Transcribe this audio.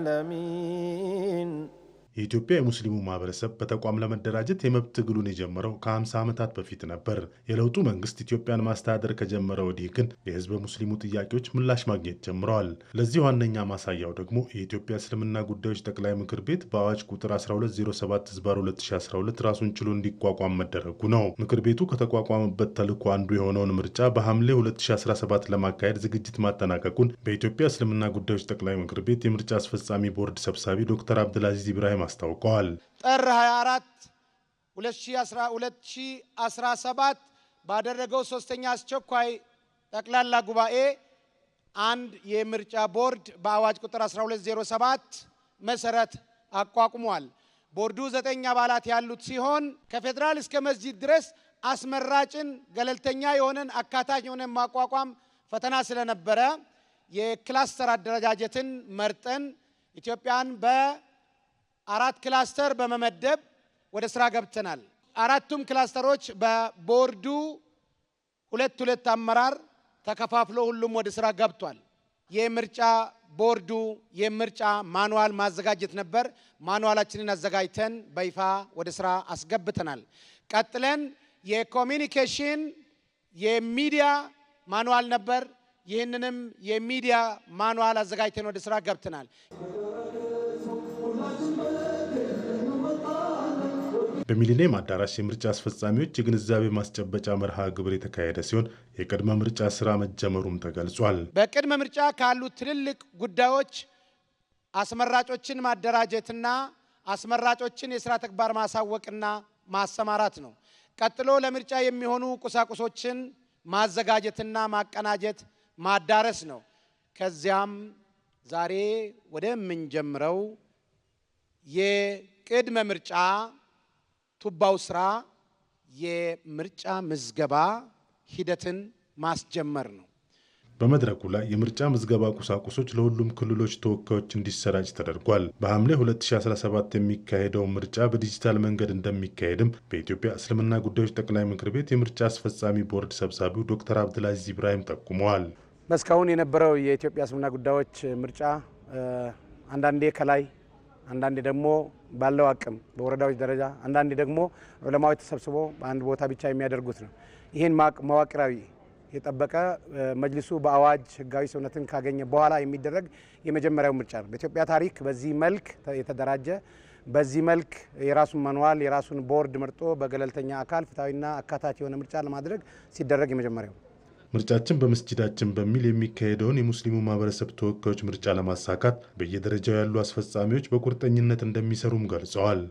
العالمين የኢትዮጵያ የሙስሊሙ ማህበረሰብ በተቋም ለመደራጀት የመብት ትግሉን የጀመረው ከ50 ዓመታት በፊት ነበር። የለውጡ መንግስት ኢትዮጵያን ማስተዳደር ከጀመረ ወዲህ ግን የህዝበ ሙስሊሙ ጥያቄዎች ምላሽ ማግኘት ጀምረዋል። ለዚህ ዋነኛ ማሳያው ደግሞ የኢትዮጵያ እስልምና ጉዳዮች ጠቅላይ ምክር ቤት በአዋጅ ቁጥር 1207 ዝባር 2012 ራሱን ችሎ እንዲቋቋም መደረጉ ነው። ምክር ቤቱ ከተቋቋመበት ተልዕኮ አንዱ የሆነውን ምርጫ በሐምሌ 2017 ለማካሄድ ዝግጅት ማጠናቀቁን በኢትዮጵያ እስልምና ጉዳዮች ጠቅላይ ምክር ቤት የምርጫ አስፈጻሚ ቦርድ ሰብሳቢ ዶክተር አብድልአዚዝ ኢብራሂም በመሆኑንም አስታውቀዋል። ጥር 24 2017 ባደረገው ሶስተኛ አስቸኳይ ጠቅላላ ጉባኤ አንድ የምርጫ ቦርድ በአዋጅ ቁጥር 1207 መሰረት አቋቁሟል። ቦርዱ ዘጠኝ አባላት ያሉት ሲሆን ከፌዴራል እስከ መስጂድ ድረስ አስመራጭን ገለልተኛ የሆነን አካታች የሆነን ማቋቋም ፈተና ስለነበረ የክላስተር አደረጃጀትን መርጠን ኢትዮጵያን በ አራት ክላስተር በመመደብ ወደ ስራ ገብተናል። አራቱም ክላስተሮች በቦርዱ ሁለት ሁለት አመራር ተከፋፍሎ ሁሉም ወደ ስራ ገብቷል። የምርጫ ቦርዱ የምርጫ ማኑዋል ማዘጋጀት ነበር። ማኑዋላችንን አዘጋጅተን በይፋ ወደ ስራ አስገብተናል። ቀጥለን የኮሚኒኬሽን የሚዲያ ማኑዋል ነበር። ይህንንም የሚዲያ ማኑዋል አዘጋጅተን ወደ ስራ ገብተናል። በሚሊኒየም አዳራሽ የምርጫ አስፈጻሚዎች የግንዛቤ ማስጨበጫ መርሃ ግብር የተካሄደ ሲሆን የቅድመ ምርጫ ስራ መጀመሩም ተገልጿል። በቅድመ ምርጫ ካሉ ትልልቅ ጉዳዮች አስመራጮችን ማደራጀትና አስመራጮችን የስራ ተግባር ማሳወቅና ማሰማራት ነው። ቀጥሎ ለምርጫ የሚሆኑ ቁሳቁሶችን ማዘጋጀትና ማቀናጀት ማዳረስ ነው። ከዚያም ዛሬ ወደምንጀምረው የቅድመ ምርጫ ቱባው ስራ የምርጫ ምዝገባ ሂደትን ማስጀመር ነው። በመድረኩ ላይ የምርጫ ምዝገባ ቁሳቁሶች ለሁሉም ክልሎች ተወካዮች እንዲሰራጭ ተደርጓል። በሐምሌ 2017 የሚካሄደው ምርጫ በዲጂታል መንገድ እንደሚካሄድም በኢትዮጵያ እስልምና ጉዳዮች ጠቅላይ ምክር ቤት የምርጫ አስፈጻሚ ቦርድ ሰብሳቢው ዶክተር አብድልአዚዝ ኢብራሂም ጠቁመዋል። እስካሁን የነበረው የኢትዮጵያ እስልምና ጉዳዮች ምርጫ አንዳንዴ ከላይ አንዳንዴ ደግሞ ባለው አቅም በወረዳዎች ደረጃ፣ አንዳንዴ ደግሞ ዑለማዎች ተሰብስቦ በአንድ ቦታ ብቻ የሚያደርጉት ነው። ይህን መዋቅራዊ የጠበቀ መጅልሱ በአዋጅ ህጋዊ ሰውነትን ካገኘ በኋላ የሚደረግ የመጀመሪያው ምርጫ ነው። በኢትዮጵያ ታሪክ በዚህ መልክ የተደራጀ በዚህ መልክ የራሱን መንዋል የራሱን ቦርድ መርጦ በገለልተኛ አካል ፍትሐዊና አካታች የሆነ ምርጫ ለማድረግ ሲደረግ የመጀመሪያው ምርጫችን በመስጅዳችን በሚል የሚካሄደውን የሙስሊሙ ማህበረሰብ ተወካዮች ምርጫ ለማሳካት በየደረጃው ያሉ አስፈጻሚዎች በቁርጠኝነት እንደሚሰሩም ገልጸዋል።